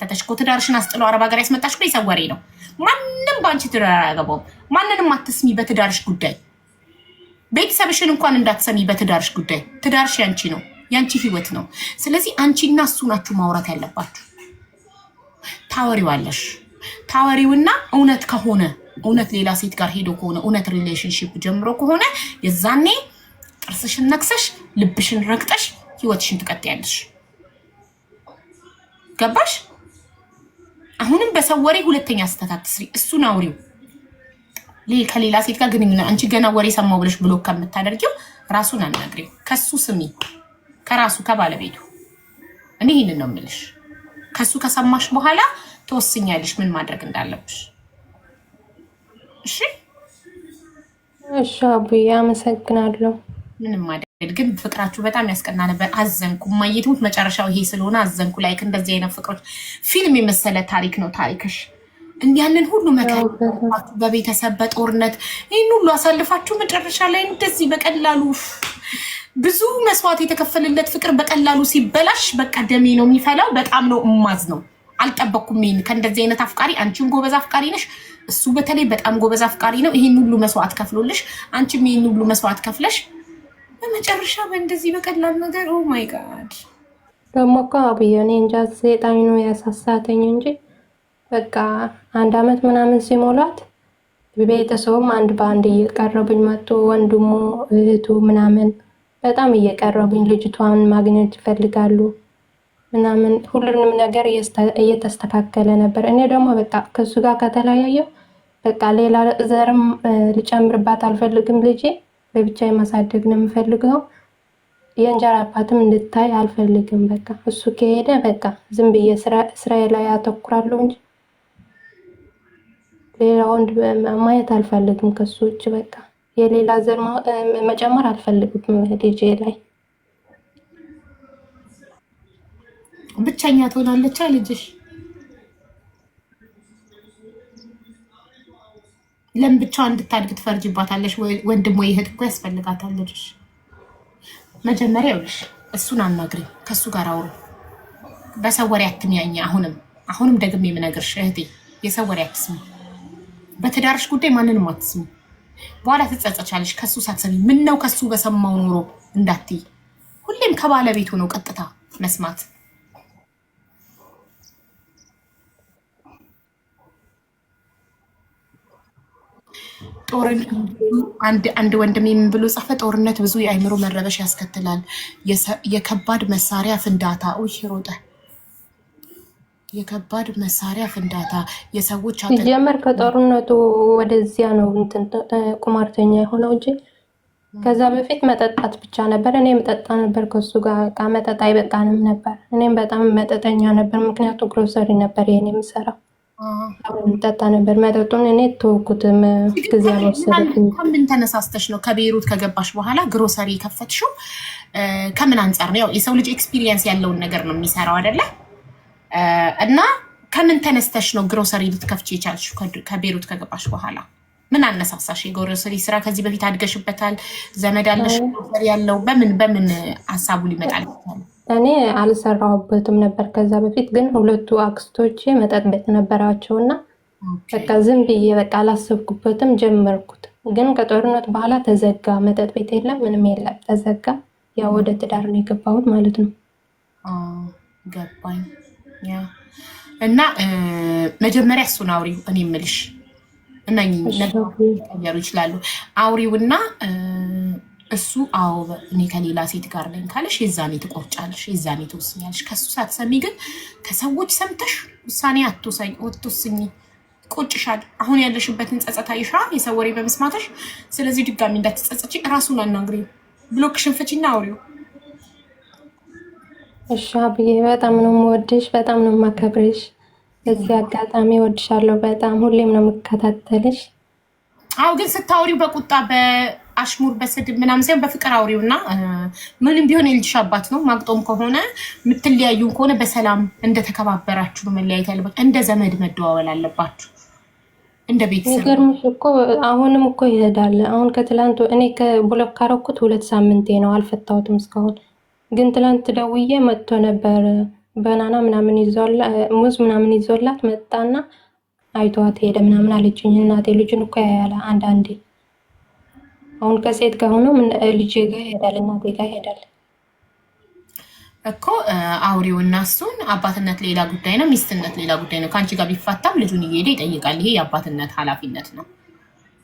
ከተተሽ እኮ ትዳርሽን አስጥሎ አረብ ሀገር ያስመጣሽ እኮ የሰው ነው። ማንም በአንቺ ትዳር አያገባውም። ማንንም አትስሚ በትዳርሽ ጉዳይ። ቤተሰብሽን እንኳን እንዳትሰሚ በትዳርሽ ጉዳይ። ትዳርሽ ያንቺ ነው፣ ያንቺ ህይወት ነው። ስለዚህ አንቺና እሱ ናችሁ ማውራት ያለባችሁ። ታወሪዋለሽ። ታወሪውና እውነት ከሆነ እውነት ሌላ ሴት ጋር ሄዶ ከሆነ እውነት ሪሌሽንሽፕ ጀምሮ ከሆነ የዛኔ ጥርስሽን ነክሰሽ ልብሽን ረግጠሽ ህይወትሽን ትቀጥያለሽ። ገባሽ? አሁንም በሰው ወሬ ሁለተኛ ስህተት አትስሪ። እሱን አውሪው ከሌላ ሴት ጋር ግንኙነት አንቺ ገና ወሬ ሰማው ብለሽ ብሎ ከምታደርጊው ራሱን አናግሪው። ከሱ ስሚ፣ ከራሱ ከባለቤቱ። እኔ ይህንን ነው የምልሽ። ከሱ ከሰማሽ በኋላ ተወስኛለሽ ምን ማድረግ እንዳለብሽ። እሺ፣ እሺ አቡዬ አመሰግናለሁ። ምንም ግን ፍቅራችሁ በጣም ያስቀና ነበር። አዘንኩ ማየትሙት መጨረሻው ይሄ ስለሆነ አዘንኩ። ላይክ እንደዚህ አይነት ፍቅሮች ፊልም የመሰለ ታሪክ ነው ታሪክሽ። እንዲያንን ሁሉ መከራ በቤተሰብ በጦርነት ይህን ሁሉ አሳልፋችሁ መጨረሻ ላይ እንደዚህ በቀላሉ ብዙ መስዋዕት የተከፈለለት ፍቅር በቀላሉ ሲበላሽ በቃ ደሜ ነው የሚፈላው። በጣም ነው እማዝ ነው። አልጠበኩም ይህን ከእንደዚህ አይነት አፍቃሪ። አንቺም ጎበዝ አፍቃሪ ነሽ፣ እሱ በተለይ በጣም ጎበዝ አፍቃሪ ነው። ይህን ሁሉ መስዋዕት ከፍሎልሽ፣ አንቺም ይህን ሁሉ መስዋዕት ከፍለሽ በመጨረሻ በእንደዚህ በቀላል ነገር ኦ ጋድ። ደግሞ እኮ አብዬ እኔ እንጃ ሴጣኝ ነው ያሳሳተኝ እንጂ በቃ አንድ አመት ምናምን ሲሞሏት ቤተሰቡም አንድ በአንድ እየቀረቡኝ መጡ። ወንድሙ እህቱ ምናምን በጣም እየቀረቡኝ ልጅቷን ማግኘት ይፈልጋሉ ምናምን ሁሉንም ነገር እየተስተካከለ ነበር። እኔ ደግሞ በቃ ከሱ ጋር ከተለያየው በቃ ሌላ ዘርም ልጨምርባት አልፈልግም ልጄ በብቻ የማሳደግ ነው የምፈልገው። የእንጀራ አባትም እንድታይ አልፈልግም። በቃ እሱ ከሄደ በቃ ዝም ብዬ ስራዬ ላይ አተኩራለሁ እንጂ ሌላ ወንድ ማየት አልፈልግም። ከሱ ውጭ በቃ የሌላ ዘር መጨመር አልፈልግም ልጄ ላይ። ብቸኛ ትሆናለች ልጅሽ ለም ብቻዋን እንድታድግ ትፈርጅባታለሽ። ወንድም ወይ እህት እኮ ያስፈልጋታል ልጅሽ። መጀመሪያ ይኸውልሽ እሱን አናግሪ፣ ከእሱ ጋር አውሩ። በሰው ወሬ አትሚያኝ። አሁንም አሁንም ደግሜ የምነግርሽ እህቴ የሰው ወሬ በትዳርሽ ጉዳይ ማንንም አትስሙ። በኋላ ትጸጸቻለሽ። ከሱ ሳትሰሚ ምን ነው ከሱ በሰማው ኑሮ እንዳትይ። ሁሌም ከባለቤት ሆነው ቀጥታ መስማት አንድ ወንድም የምን ብሎ ጻፈ? ጦርነት ብዙ የአይምሮ መረበሽ ያስከትላል። የከባድ መሳሪያ ፍንዳታ ሮጠ የከባድ መሳሪያ ፍንዳታ የሰዎች ሲጀመር ከጦርነቱ ወደዚያ ነው ቁማርተኛ የሆነው እንጂ ከዛ በፊት መጠጣት ብቻ ነበር። እኔ መጠጣ ነበር ከሱ ጋር መጠጥ አይበቃንም ነበር። እኔም በጣም መጠጠኛ ነበር፣ ምክንያቱ ግሮሰሪ ነበር ይሄን የምሰራው ጠጣ ነበር። መጠጡን እኔ ተወኩትም ጊዜ ከምን ተነሳስተሽ ነው ከቤይሩት ከገባሽ በኋላ ግሮሰሪ የከፈትሽው? ከምን አንጻር ነው? ያው የሰው ልጅ ኤክስፒሪየንስ ያለውን ነገር ነው የሚሰራው አይደለ? እና ከምን ተነስተሽ ነው ግሮሰሪ ልትከፍች የቻልሽው ከቤይሩት ከገባሽ በኋላ? ምን አነሳሳሽ? የግሮሰሪ ስራ ከዚህ በፊት አድገሽበታል? ዘመድ አለሽ ያለው? በምን በምን ሀሳቡ ሊመጣል እኔ አልሰራውበትም ነበር ከዛ በፊት ግን ሁለቱ አክስቶቼ መጠጥ ቤት እና በቃ ዝም ብዬ በቃ አላሰብኩበትም ጀመርኩት። ግን ከጦርነት በኋላ ተዘጋ። መጠጥ ቤት የለም፣ ምንም የለም፣ ተዘጋ። ያው ወደ ትዳር ነው የገባሁት ማለት ነው። ገባኝ። እና መጀመሪያ እሱን አውሪው እኔ የምልሽ እና ነገሩ ይችላሉ አውሪውና እሱ አዎ እኔ ከሌላ ሴት ጋር ነኝ ካለሽ የዛኔ ትቆርጫለሽ፣ የዛኔ ትወስኛለሽ። ከሱ ሳትሰሚ ግን ከሰዎች ሰምተሽ ውሳኔ አትወስኝ፣ ቆጭሻል። አሁን ያለሽበትን ጸጸት አይሻ የሰው ወሬ በመስማትሽ። ስለዚህ ድጋሚ እንዳትጸጸች ራሱን አናግሪ፣ ብሎክሽን ፍቺና አውሪው። እሺ አብዬ፣ በጣም ነው የምወድሽ፣ በጣም ነው የማከብርሽ። እዚህ አጋጣሚ ወድሻለሁ በጣም ሁሌም ነው የምከታተልሽ። አሁ ግን ስታውሪው በቁጣ አሽሙር በስድብ ምናምን ሳይሆን በፍቅር አውሪውና ምንም ቢሆን የልጅሽ አባት ነው። ማግጦም ከሆነ የምትለያዩን ከሆነ በሰላም እንደተከባበራችሁ ነው መለያየት ያለበት እንደ ዘመድ መደዋወል አለባችሁ። እንደ ቤተሰብ ገርምሽ እኮ አሁንም እኮ ይሄዳል። አሁን ከትላንቱ እኔ ከብሎክ ካረኩት ሁለት ሳምንቴ ነው፣ አልፈታሁትም እስካሁን። ግን ትላንት ደውዬ መጥቶ ነበር። በናና ምናምን ሙዝ ምናምን ይዞላት መጣና አይቷት ሄደ ምናምን አለችኝ። እናቴ ልጁን እኮ ያያለ አንዳንዴ አሁን ከሴት ከሆነ ልጅ ጋ ይሄዳል፣ እናቴ ጋ ይሄዳል እኮ አውሬው እና እሱን አባትነት ሌላ ጉዳይ ነው፣ ሚስትነት ሌላ ጉዳይ ነው። ከአንቺ ጋር ቢፋታም ልጁን እየሄደ ይጠይቃል። ይሄ የአባትነት ኃላፊነት ነው፣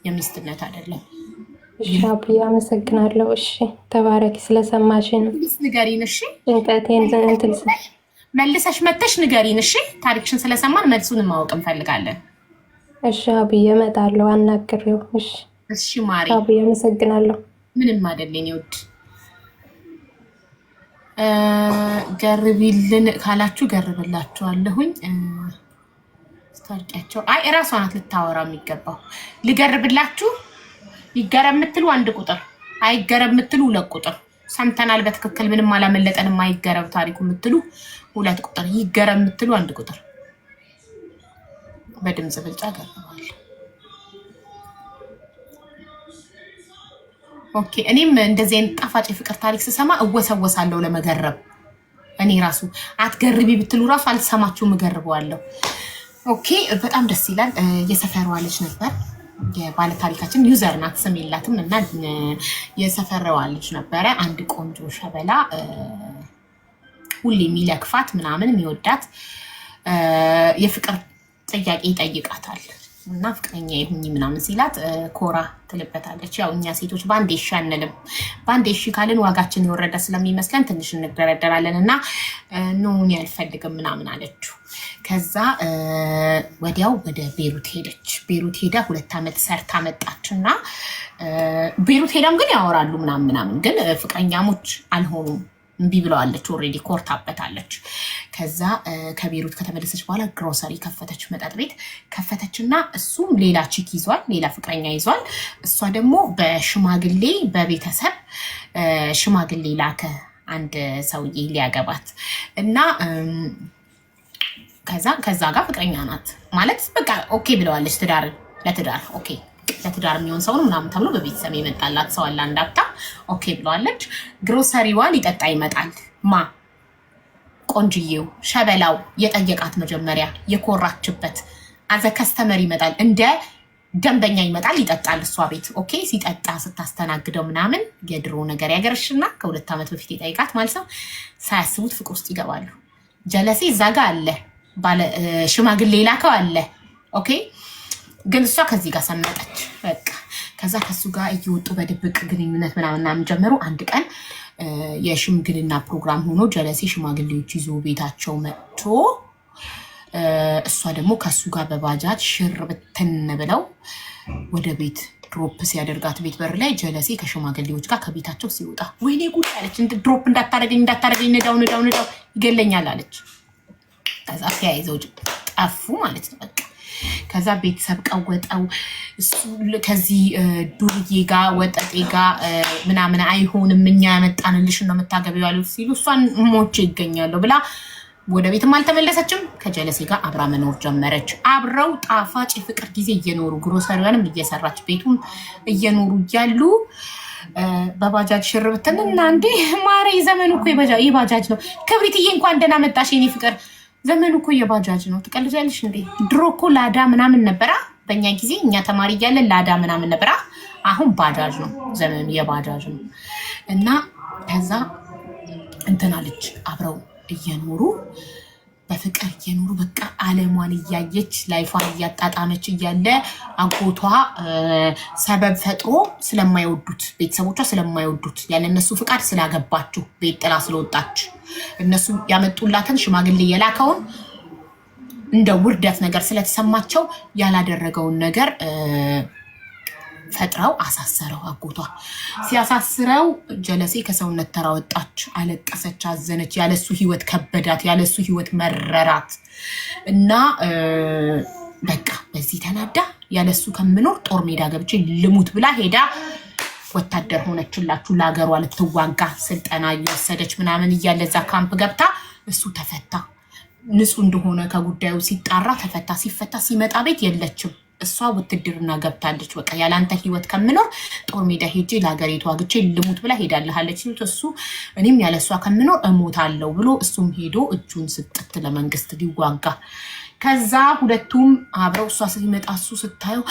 የሚስትነት አይደለም። እሺ አመሰግናለሁ። እሺ ተባረኪ፣ ስለሰማሽ ነው። ንገሪን እሺ፣ ጭንቀቴን እንትን መልሰሽ መተሽ ንገሪን እሺ። ታሪክሽን ስለሰማን መልሱን ማወቅ እንፈልጋለን። እሺ አብዬ እመጣለሁ፣ አናግሬው እሺ እሺ ማሪ አመሰግናለሁ። ምንም አይደለኝ ውድ ገርቢልን ካላችሁ ገርብላችኋለሁኝ። ስታርቂያቸው አይ እራሷ ናት ልታወራ የሚገባው። ልገርብላችሁ ይገረም የምትሉ አንድ ቁጥር፣ አይገረም የምትሉ ሁለት ቁጥር ሰምተናል በትክክል ምንም አላመለጠንም። አይገረም ታሪኩ የምትሉ ሁለት ቁጥር፣ ይገረም የምትሉ አንድ ቁጥር። በድምፅ ብልጫ ገርባለሁ። ኦኬ። እኔም እንደዚህ አይነት ጣፋጭ የፍቅር ታሪክ ስሰማ እወሰወሳለሁ ለመገረብ። እኔ ራሱ አትገርቢ ብትሉ ራሱ አልሰማችሁም፣ እገርበዋለሁ። ኦኬ፣ በጣም ደስ ይላል። የሰፈሯ ልጅ ነበር የባለ ታሪካችን ዩዘር ናት፣ ስም የላትም እና የሰፈረዋ ልጅ ነበረ። አንድ ቆንጆ ሸበላ ሁሌ የሚለክፋት ምናምን የሚወዳት የፍቅር ጥያቄ ይጠይቃታል። እና ፍቅረኛ ይሁኝ ምናምን ሲላት ኮራ ትልበታለች። ያው እኛ ሴቶች በአንድ እሺ አንልም። በአንድ እሺ ካልን ዋጋችን የወረደ ስለሚመስለን ትንሽ እንደረደራለን እና ኖኒ አልፈልግም ምናምን አለችው። ከዛ ወዲያው ወደ ቤሩት ሄደች። ቤሩት ሄዳ ሁለት ዓመት ሰርታ መጣች እና ቤሩት ሄዳም ግን ያወራሉ ምናምን ምናምን ግን ፍቅረኛሞች አልሆኑም። እምቢ ብለዋለች። ኦልሬዲ ኮርታበታለች። ከዛ ከቤሩት ከተመለሰች በኋላ ግሮሰሪ ከፈተች፣ መጠጥ ቤት ከፈተች እና እሱም ሌላ ቺክ ይዟል፣ ሌላ ፍቅረኛ ይዟል። እሷ ደግሞ በሽማግሌ በቤተሰብ ሽማግሌ ላከ አንድ ሰውዬ ሊያገባት እና ከዛ ከዛ ጋር ፍቅረኛ ናት ማለት በቃ ኦኬ ብለዋለች። ትዳር ለትዳር ኦኬ ለትዳር የሚሆን ሰው ነው ምናምን ተብሎ በቤተሰብ የመጣላት ሰው አለ። አንድ ኦኬ ብለዋለች። ግሮሰሪዋ ሊጠጣ ይመጣል። ማ ቆንጅዬው ሸበላው የጠየቃት መጀመሪያ የኮራችበት አዘ ከስተመር ይመጣል፣ እንደ ደንበኛ ይመጣል፣ ይጠጣል እሷ ቤት ኦኬ። ሲጠጣ ስታስተናግደው ምናምን የድሮ ነገር ያገርሽና ከሁለት ዓመት በፊት የጠይቃት ማለት ነው። ሳያስቡት ፍቅር ውስጥ ይገባሉ። ጀለሴ እዛ ጋ አለ፣ ሽማግሌ ላከው አለ ኦኬ ግን እሷ ከዚህ ጋር ሰመጠች። በቃ ከዛ ከሱ ጋር እየወጡ በድብቅ ግንኙነት ምናምን ጀመሩ። አንድ ቀን የሽምግልና ፕሮግራም ሆኖ ጀለሴ ሽማግሌዎች ይዞ ቤታቸው መጥቶ እሷ ደግሞ ከሱ ጋር በባጃጅ ሽር ብትን ብለው ወደ ቤት ድሮፕ ሲያደርጋት ቤት በር ላይ ጀለሴ ከሽማግሌዎች ጋር ከቤታቸው ሲወጣ ወይኔ ጉድ አለች። ድሮፕ እንዳታረገኝ እንዳታረገኝ፣ ንዳው ንዳው ንዳው ይገለኛል አለች። ከዛ ተያይዘው ጠፉ ማለት ነው በቃ ከዛ ቤተሰብ ቀወጠው። ከዚህ ዱርዬ ጋ ወጠጤ ጋ ምናምን አይሆንም፣ እኛ ያመጣንልሽ ነው የምታገቢው ያሉት ሲሉ እሷን ሞቼ ይገኛለሁ ብላ ወደ ቤትም አልተመለሰችም። ከጀለሴ ጋር አብራ መኖር ጀመረች። አብረው ጣፋጭ የፍቅር ጊዜ እየኖሩ ግሮሰሪዋንም እየሰራች ቤቱም እየኖሩ እያሉ በባጃጅ ሽርብትን እና እንዴ ማሬ፣ ዘመኑ እኮ የባጃጅ ነው። ክብሪትዬ እንኳን ደህና መጣሽ የኔ ፍቅር ዘመኑ እኮ የባጃጅ ነው። ትቀልጃለሽ እንዴ? ድሮ እኮ ላዳ ምናምን ነበራ። በእኛ ጊዜ እኛ ተማሪ እያለን ላዳ ምናምን ነበራ። አሁን ባጃጅ ነው ዘመኑ፣ የባጃጅ ነው። እና ከዛ እንትን አብረው እየኖሩ በፍቅር እየኖሩ በቃ አለሟን እያየች ላይፏን እያጣጣመች እያለ አጎቷ ሰበብ ፈጥሮ ስለማይወዱት ቤተሰቦቿ ስለማይወዱት ያለ እነሱ ፍቃድ ስላገባችሁ ቤት ጥላ ስለወጣች እነሱ ያመጡላትን ሽማግሌ የላከውን እንደ ውርደት ነገር ስለተሰማቸው ያላደረገውን ነገር ፈጥረው አሳሰረው። አጎቷ ሲያሳስረው ጀለሴ ከሰውነት ተራወጣች፣ አለቀሰች፣ አዘነች። ያለሱ ህይወት ከበዳት፣ ያለሱ ህይወት መረራት እና በቃ በዚህ ተናዳ ያለሱ ከምኖር ጦር ሜዳ ገብቼ ልሙት ብላ ሄዳ ወታደር ሆነችላችሁ። ለሀገሯ ልትዋጋ ስልጠና እየወሰደች ምናምን እያለ እዛ ካምፕ ገብታ እሱ ተፈታ። ንጹህ እንደሆነ ከጉዳዩ ሲጣራ ተፈታ። ሲፈታ ሲመጣ ቤት የለችም። እሷ ውትድርና ገብታለች። በቃ ያላንተ ህይወት ከምኖር ጦር ሜዳ ሄጄ ለሀገሬ ተዋግቼ ልሙት ብላ ሄዳልሃለች ሲሉት እሱ እኔም ያለ እሷ ከምኖር እሞታለሁ ብሎ እሱም ሄዶ እጁን ስጥት ለመንግስት ሊዋጋ ከዛ ሁለቱም አብረው እሷ ሲመጣ እሱ ስታየው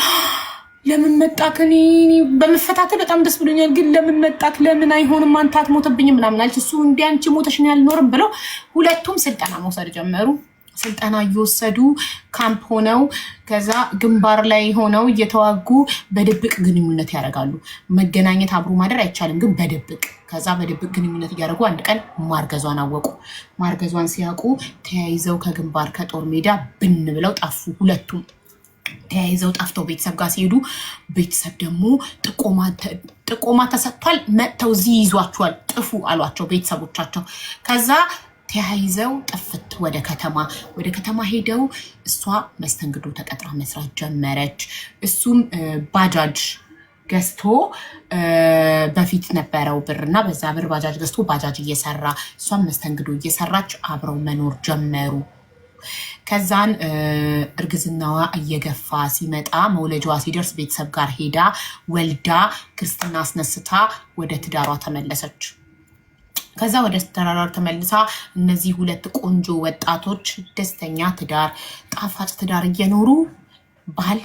ለምን መጣክ? እኔ በመፈታተል በጣም ደስ ብሎኛል፣ ግን ለምን መጣክ? ለምን አይሆንም? አንተ አትሞትብኝም ምናምን አለች። እሱ እንዲህ አንቺ ሞተሽ ያልኖርም ብለው ሁለቱም ስልጠና መውሰድ ጀመሩ። ስልጠና እየወሰዱ ካምፕ ሆነው ከዛ ግንባር ላይ ሆነው እየተዋጉ በድብቅ ግንኙነት ያደርጋሉ። መገናኘት አብሮ ማደር አይቻልም፣ ግን በድብቅ ከዛ በድብቅ ግንኙነት እያደረጉ አንድ ቀን ማርገዟን አወቁ። ማርገዟን ሲያውቁ ተያይዘው ከግንባር ከጦር ሜዳ ብን ብለው ጠፉ። ሁለቱም ተያይዘው ጠፍተው ቤተሰብ ጋር ሲሄዱ ቤተሰብ ደግሞ ጥቆማ ተሰጥቷል፣ መጥተው እዚህ ይዟቸዋል፣ ጥፉ አሏቸው ቤተሰቦቻቸው ከዛ ተያይዘው ጥፍት ወደ ከተማ ወደ ከተማ ሄደው እሷ መስተንግዶ ተቀጥራ መስራት ጀመረች። እሱም ባጃጅ ገዝቶ በፊት ነበረው ብር እና በዛ ብር ባጃጅ ገዝቶ ባጃጅ እየሰራ እሷም መስተንግዶ እየሰራች አብረው መኖር ጀመሩ። ከዛን እርግዝናዋ እየገፋ ሲመጣ መውለጃዋ ሲደርስ ቤተሰብ ጋር ሄዳ ወልዳ ክርስትና አስነስታ ወደ ትዳሯ ተመለሰች። ከዛ ወደ ተራራር ተመልሳ እነዚህ ሁለት ቆንጆ ወጣቶች ደስተኛ ትዳር ጣፋጭ ትዳር እየኖሩ ባል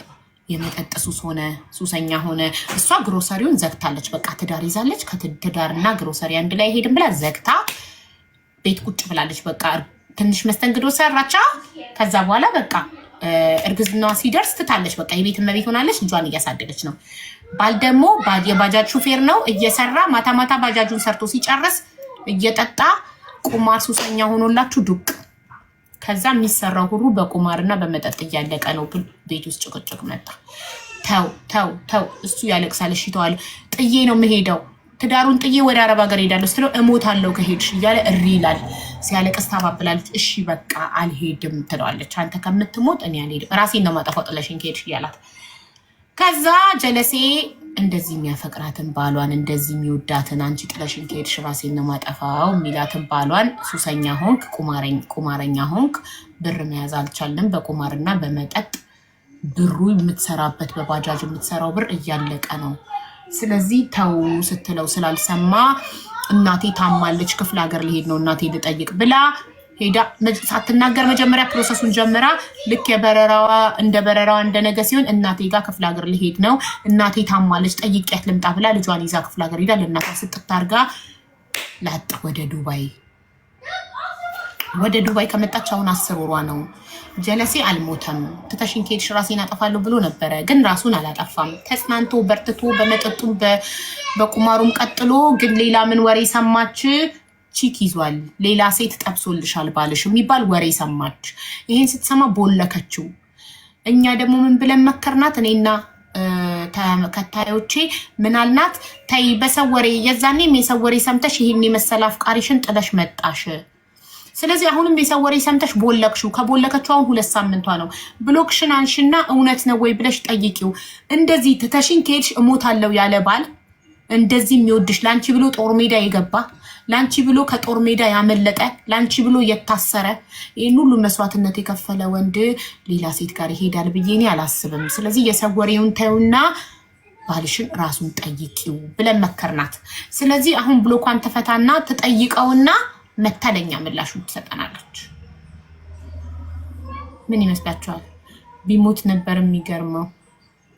የመጠጥ ሱስ ሆነ፣ ሱሰኛ ሆነ። እሷ ግሮሰሪውን ዘግታለች። በቃ ትዳር ይዛለች። ከትዳርና ግሮሰሪ አንድ ላይ ሄድም ብላ ዘግታ ቤት ቁጭ ብላለች። በቃ ትንሽ መስተንግዶ ሰራቻ። ከዛ በኋላ በቃ እርግዝናዋ ሲደርስ ትታለች። በቃ የቤት እመቤት ሆናለች። ልጇን እያሳደገች ነው። ባል ደግሞ የባጃጅ ሹፌር ነው እየሰራ ማታ ማታ ባጃጁን ሰርቶ ሲጨርስ እየጠጣ ቁማር ሱሰኛ ሆኖላችሁ ዱቅ። ከዛ የሚሰራው ሁሉ በቁማርና በመጠጥ እያለቀ ነው። ቤት ውስጥ ጭቅጭቅ መጣ። ተው ተው ተው፣ እሱ ያለቅሳል። እሺ ተዋለ። ጥዬ ነው የምሄደው ትዳሩን ጥዬ ወደ አረብ ሀገር ሄዳለሁ ስትለው እሞታለሁ ከሄድሽ እያለ እሪ ይላል። ሲያለቅስ ታባብላለች። እሺ በቃ አልሄድም ትለዋለች። አንተ ከምትሞት እኔ አልሄድም ራሴን ነው ማጠፋው ጥለሽኝ ከሄድሽ እያላት ከዛ ጀለሴ እንደዚህ የሚያፈቅራትን ባሏን እንደዚህ የሚወዳትን አንቺ ጥለሽን ከሄድሽ ራሴን ነው ማጠፋው የሚላትን ባሏን ሱሰኛ ሆንክ፣ ቁማረኛ ሆንክ፣ ብር መያዝ አልቻልንም። በቁማርና በመጠጥ ብሩ የምትሰራበት በባጃጅ የምትሰራው ብር እያለቀ ነው። ስለዚህ ተው ስትለው ስላልሰማ እናቴ ታማለች፣ ክፍለ ሀገር ሊሄድ ነው እናቴ ልጠይቅ ብላ ሄዳ ሳትናገር መጀመሪያ ፕሮሰሱን ጀምራ ልክ የበረራዋ እንደ በረራዋ እንደነገ ሲሆን እናቴ ጋር ክፍለ ሀገር ልሄድ ነው እናቴ ታማለች ጠይቄያት ልምጣ ብላ ልጇን ይዛ ክፍለ ሀገር ሄዳ ለእናቷ ስጥታርጋ ላጥ ወደ ዱባይ ወደ ዱባይ ከመጣች አሁን አስር ወሯ ነው። ጀለሴ አልሞተም። ትተሽን ከሄድሽ ራሴን አጠፋለሁ ብሎ ነበረ፣ ግን ራሱን አላጠፋም። ተጽናንቶ በርትቶ በመጠጡም በቁማሩም ቀጥሎ ግን ሌላ ምን ወሬ ሰማች? ቺክ ይዟል፣ ሌላ ሴት ጠብሶልሻል ባልሽ የሚባል ወሬ ሰማች። ይሄን ስትሰማ ቦለከችው። እኛ ደግሞ ምን ብለን መከርናት? እኔና ተከታዮቼ ምናልናት? ተይ በሰው ወሬ የዛኔም የሰው ወሬ ሰምተሽ ይህን የመሰለ አፍቃሪሽን ጥለሽ መጣሽ። ስለዚህ አሁንም የሰው ወሬ ሰምተሽ ቦለቅሽው። ከቦለከችው አሁን ሁለት ሳምንቷ ነው። ብሎክሽን አንሽና እውነት ነው ወይ ብለሽ ጠይቂው። እንደዚህ ትተሽኝ ከሄድሽ እሞታለሁ ያለ ባል እንደዚህ የሚወድሽ ለአንቺ ብሎ ጦር ሜዳ የገባ ለአንቺ ብሎ ከጦር ሜዳ ያመለጠ ለአንቺ ብሎ የታሰረ ይህን ሁሉ መስዋዕትነት የከፈለ ወንድ ሌላ ሴት ጋር ይሄዳል ብዬ እኔ አላስብም። ስለዚህ የሰወሬውን ተይውና ባልሽን ራሱን ጠይቂው ብለን መከርናት። ስለዚህ አሁን ብሎኳን ተፈታና ትጠይቀውና መተለኛ ምላሹን ትሰጠናለች። ምን ይመስላችኋል? ቢሞት ነበር የሚገርመው።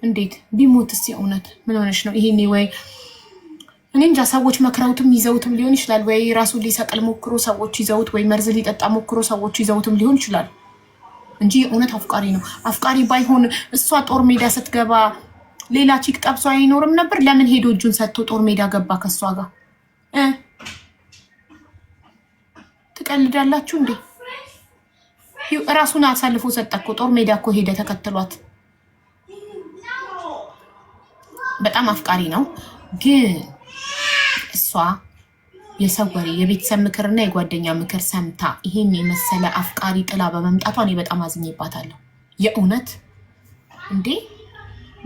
እንዴት ቢሞትስ? የእውነት ምን ሆነች ነው ይሄኔ ወይ እኔ እንጃ ሰዎች መክረውትም ይዘውትም ሊሆን ይችላል። ወይ ራሱ ሊሰቅል ሞክሮ ሰዎች ይዘውት፣ ወይ መርዝ ሊጠጣ ሞክሮ ሰዎች ይዘውትም ሊሆን ይችላል እንጂ እውነት አፍቃሪ ነው። አፍቃሪ ባይሆን እሷ ጦር ሜዳ ስትገባ ሌላ ቺክ ጠብሶ አይኖርም ነበር። ለምን ሄዶ እጁን ሰጥቶ ጦር ሜዳ ገባ ከእሷ ጋር? ትቀልዳላችሁ እንዴ? ራሱን አሳልፎ ሰጠ እኮ ጦር ሜዳ እኮ ሄደ ተከትሏት። በጣም አፍቃሪ ነው ግን እሷ የሰው ወሬ የቤተሰብ ምክርና የጓደኛ ምክር ሰምታ ይሄን የመሰለ አፍቃሪ ጥላ በመምጣቷ እኔ በጣም አዝኝባታለሁ የእውነት እንዴ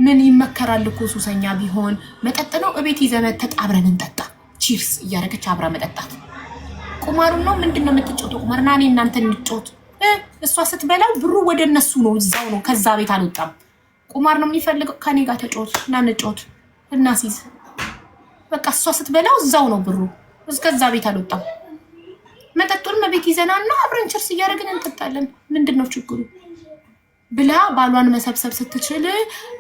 ምን ይመከራል እኮ ሱሰኛ ቢሆን መጠጥ ነው። እቤት ይዘመት ተጣብረን እንጠጣ፣ ቺርስ እያደረገች አብራ መጠጣት። ቁማሩ ነው ምንድን ነው የምትጮተው? ቁማርና እኔ እናንተ እንጮት። እሷ ስትበላው ብሩ ወደ እነሱ ነው፣ እዛው ነው። ከዛ ቤት አልወጣም። ቁማር ነው የሚፈልገው። ከኔ ጋር ተጮት እናንጮት፣ እናሲዝ በቃ እሷ ስትበላው እዛው ነው ብሩ። እስከዛ ቤት አልወጣም። መጠጡን መቤት ይዘና እና አብረን ችርስ እያደረግን እንጠጣለን። ምንድን ነው ችግሩ ብላ ባሏን መሰብሰብ ስትችል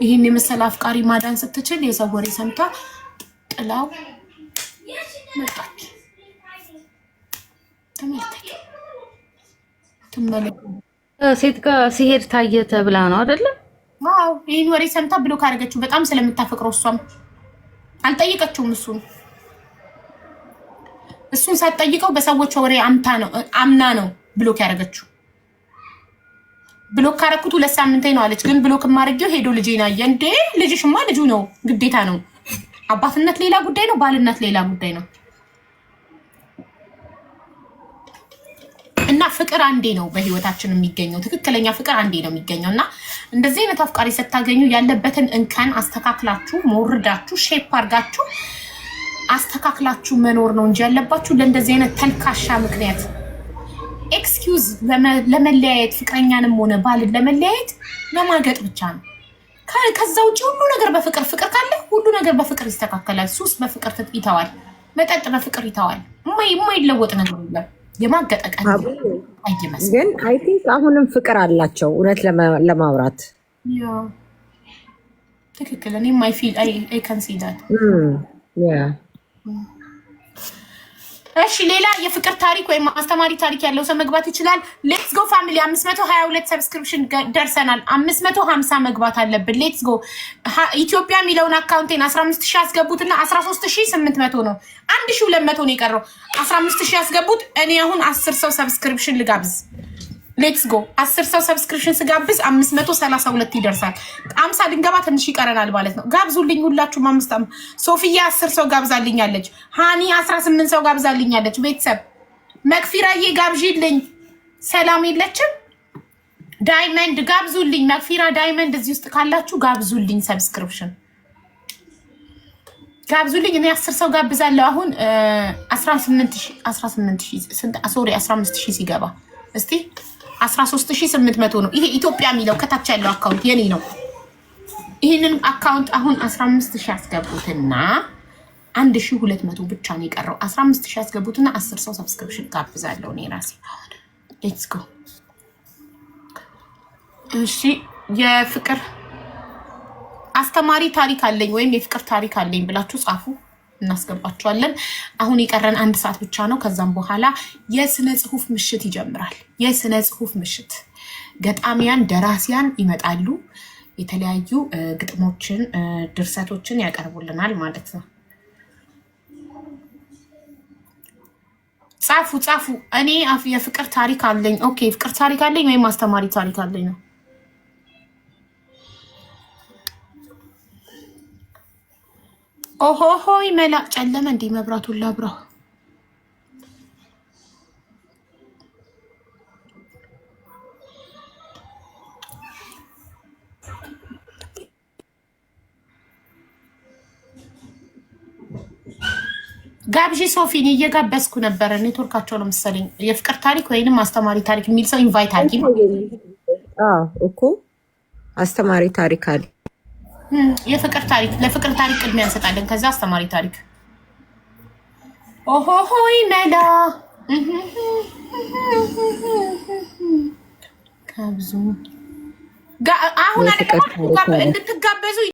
ይህን የመሰለ አፍቃሪ ማዳን ስትችል የሰው ወሬ ሰምታ ጥላው መጣች። ሴት ጋር ሲሄድ ታየ ተብላ ነው አይደለም? ይህን ወሬ ሰምታ ብሎ ካደረገችው በጣም ስለምታፈቅረው እሷም አልጠይቀችውም። እሱን እሱን ሳትጠይቀው በሰዎች ወሬ አምታ ነው አምና ነው ብሎክ ያደረገችው። ብሎክ ካረኩት ሁለት ሳምንት ነው አለች። ግን ብሎክ ማድረጊው ሄዶ ልጄን አየ። እንዴ ልጅሽማ ልጁ ነው፣ ግዴታ ነው። አባትነት ሌላ ጉዳይ ነው፣ ባልነት ሌላ ጉዳይ ነው። እና ፍቅር አንዴ ነው በህይወታችን የሚገኘው። ትክክለኛ ፍቅር አንዴ ነው የሚገኘው እና እንደዚህ አይነት አፍቃሪ ስታገኙ ያለበትን እንከን አስተካክላችሁ መውርዳችሁ ሼፕ አድርጋችሁ አስተካክላችሁ መኖር ነው እንጂ ያለባችሁ ለእንደዚህ አይነት ተልካሻ ምክንያት ኤክስኪውዝ ለመለያየት ፍቅረኛንም ሆነ ባልን ለመለያየት ለማገጥ ብቻ ነው። ከዛ ውጭ ሁሉ ነገር በፍቅር ፍቅር ካለ ሁሉ ነገር በፍቅር ይስተካከላል። ሱስ በፍቅር ይተዋል። መጠጥ በፍቅር ይተዋል። የማይለወጥ ነገር የለም። ግን አይ ቲንክ አሁንም ፍቅር አላቸው እውነት ለማውራት ትክክል። እኔም አይ ካን ሲ ዳት እሺ ሌላ የፍቅር ታሪክ ወይም አስተማሪ ታሪክ ያለው ሰው መግባት ይችላል። ሌትስ ጎ ፋሚሊ አምስት መቶ ሀያ ሁለት ሰብስክሪፕሽን ደርሰናል። አምስት መቶ ሀምሳ መግባት አለብን። ሌትስ ጎ ኢትዮጵያ የሚለውን አካውንቴን አስራ አምስት ሺህ አስገቡትና አስራ ሶስት ሺህ ስምንት መቶ ነው አንድ ሺህ ሁለት መቶ ነው የቀረው። አስራ አምስት ሺህ አስገቡት። እኔ አሁን አስር ሰው ሰብስክሪፕሽን ልጋብዝ። ሌትስ ጎ አስር ሰው ሰብስክሪፕሽን ስጋብዝ አምስት መቶ ሰላሳ ሁለት ይደርሳል። አምሳ ድንገባ ትንሽ ይቀረናል ማለት ነው። ጋብዙልኝ ሁላችሁም። አምስት ሶፊያ አስር ሰው ጋብዛልኛለች። ሃኒ አስራ ስምንት ሰው ጋብዛልኛለች። ቤተሰብ መክፊራዬ ጋብዥልኝ። ሰላም የለችም። ዳይመንድ ጋብዙልኝ። መክፊራ ዳይመንድ እዚህ ውስጥ ካላችሁ ጋብዙልኝ። ሰብስክሪፕሽን ጋብዙልኝ። እኔ አስር ሰው ጋብዛለሁ። አሁን አስራ ስምንት ሺህ ሲገባ እስቲ 13800 ነው። ይሄ ኢትዮጵያ የሚለው ከታች ያለው አካውንት የኔ ነው። ይህንን አካውንት አሁን 15000 ያስገቡትና 1200 ብቻ ነው የቀረው። 15000 ያስገቡትና 10 ሰው ሰብስክሪፕሽን ጋብዛለሁ እኔ ራሴ። ሌትስ ጎ። እሺ የፍቅር አስተማሪ ታሪክ አለኝ ወይም የፍቅር ታሪክ አለኝ ብላችሁ ጻፉ። እናስገባቸዋለን። አሁን የቀረን አንድ ሰዓት ብቻ ነው። ከዛም በኋላ የስነ ጽሁፍ ምሽት ይጀምራል። የስነ ጽሁፍ ምሽት ገጣሚያን፣ ደራሲያን ይመጣሉ። የተለያዩ ግጥሞችን፣ ድርሰቶችን ያቀርቡልናል ማለት ነው። ጻፉ ጻፉ። እኔ የፍቅር ታሪክ አለኝ። ኦኬ፣ ፍቅር ታሪክ አለኝ ወይም አስተማሪ ታሪክ አለኝ ነው ኦሆ ሆይ መላቅ ጨለመ። እንዲህ መብራቱን ላብራው። ጋብዢ ሶፊን እየጋበዝኩ ነበረ። ኔትወርካቸው ነው መሰለኝ። የፍቅር ታሪክ ወይንም አስተማሪ ታሪክ የሚል ሰው ኢንቫይት አድርጊ እኮ አስተማሪ ታሪክ አለ የፍቅር ታሪክ ለፍቅር ታሪክ ቅድሚያ እንሰጣለን። ከዛ አስተማሪ ታሪክ ኦሆሆይ ነዳ ከብዙ አሁን እንድትጋበዙ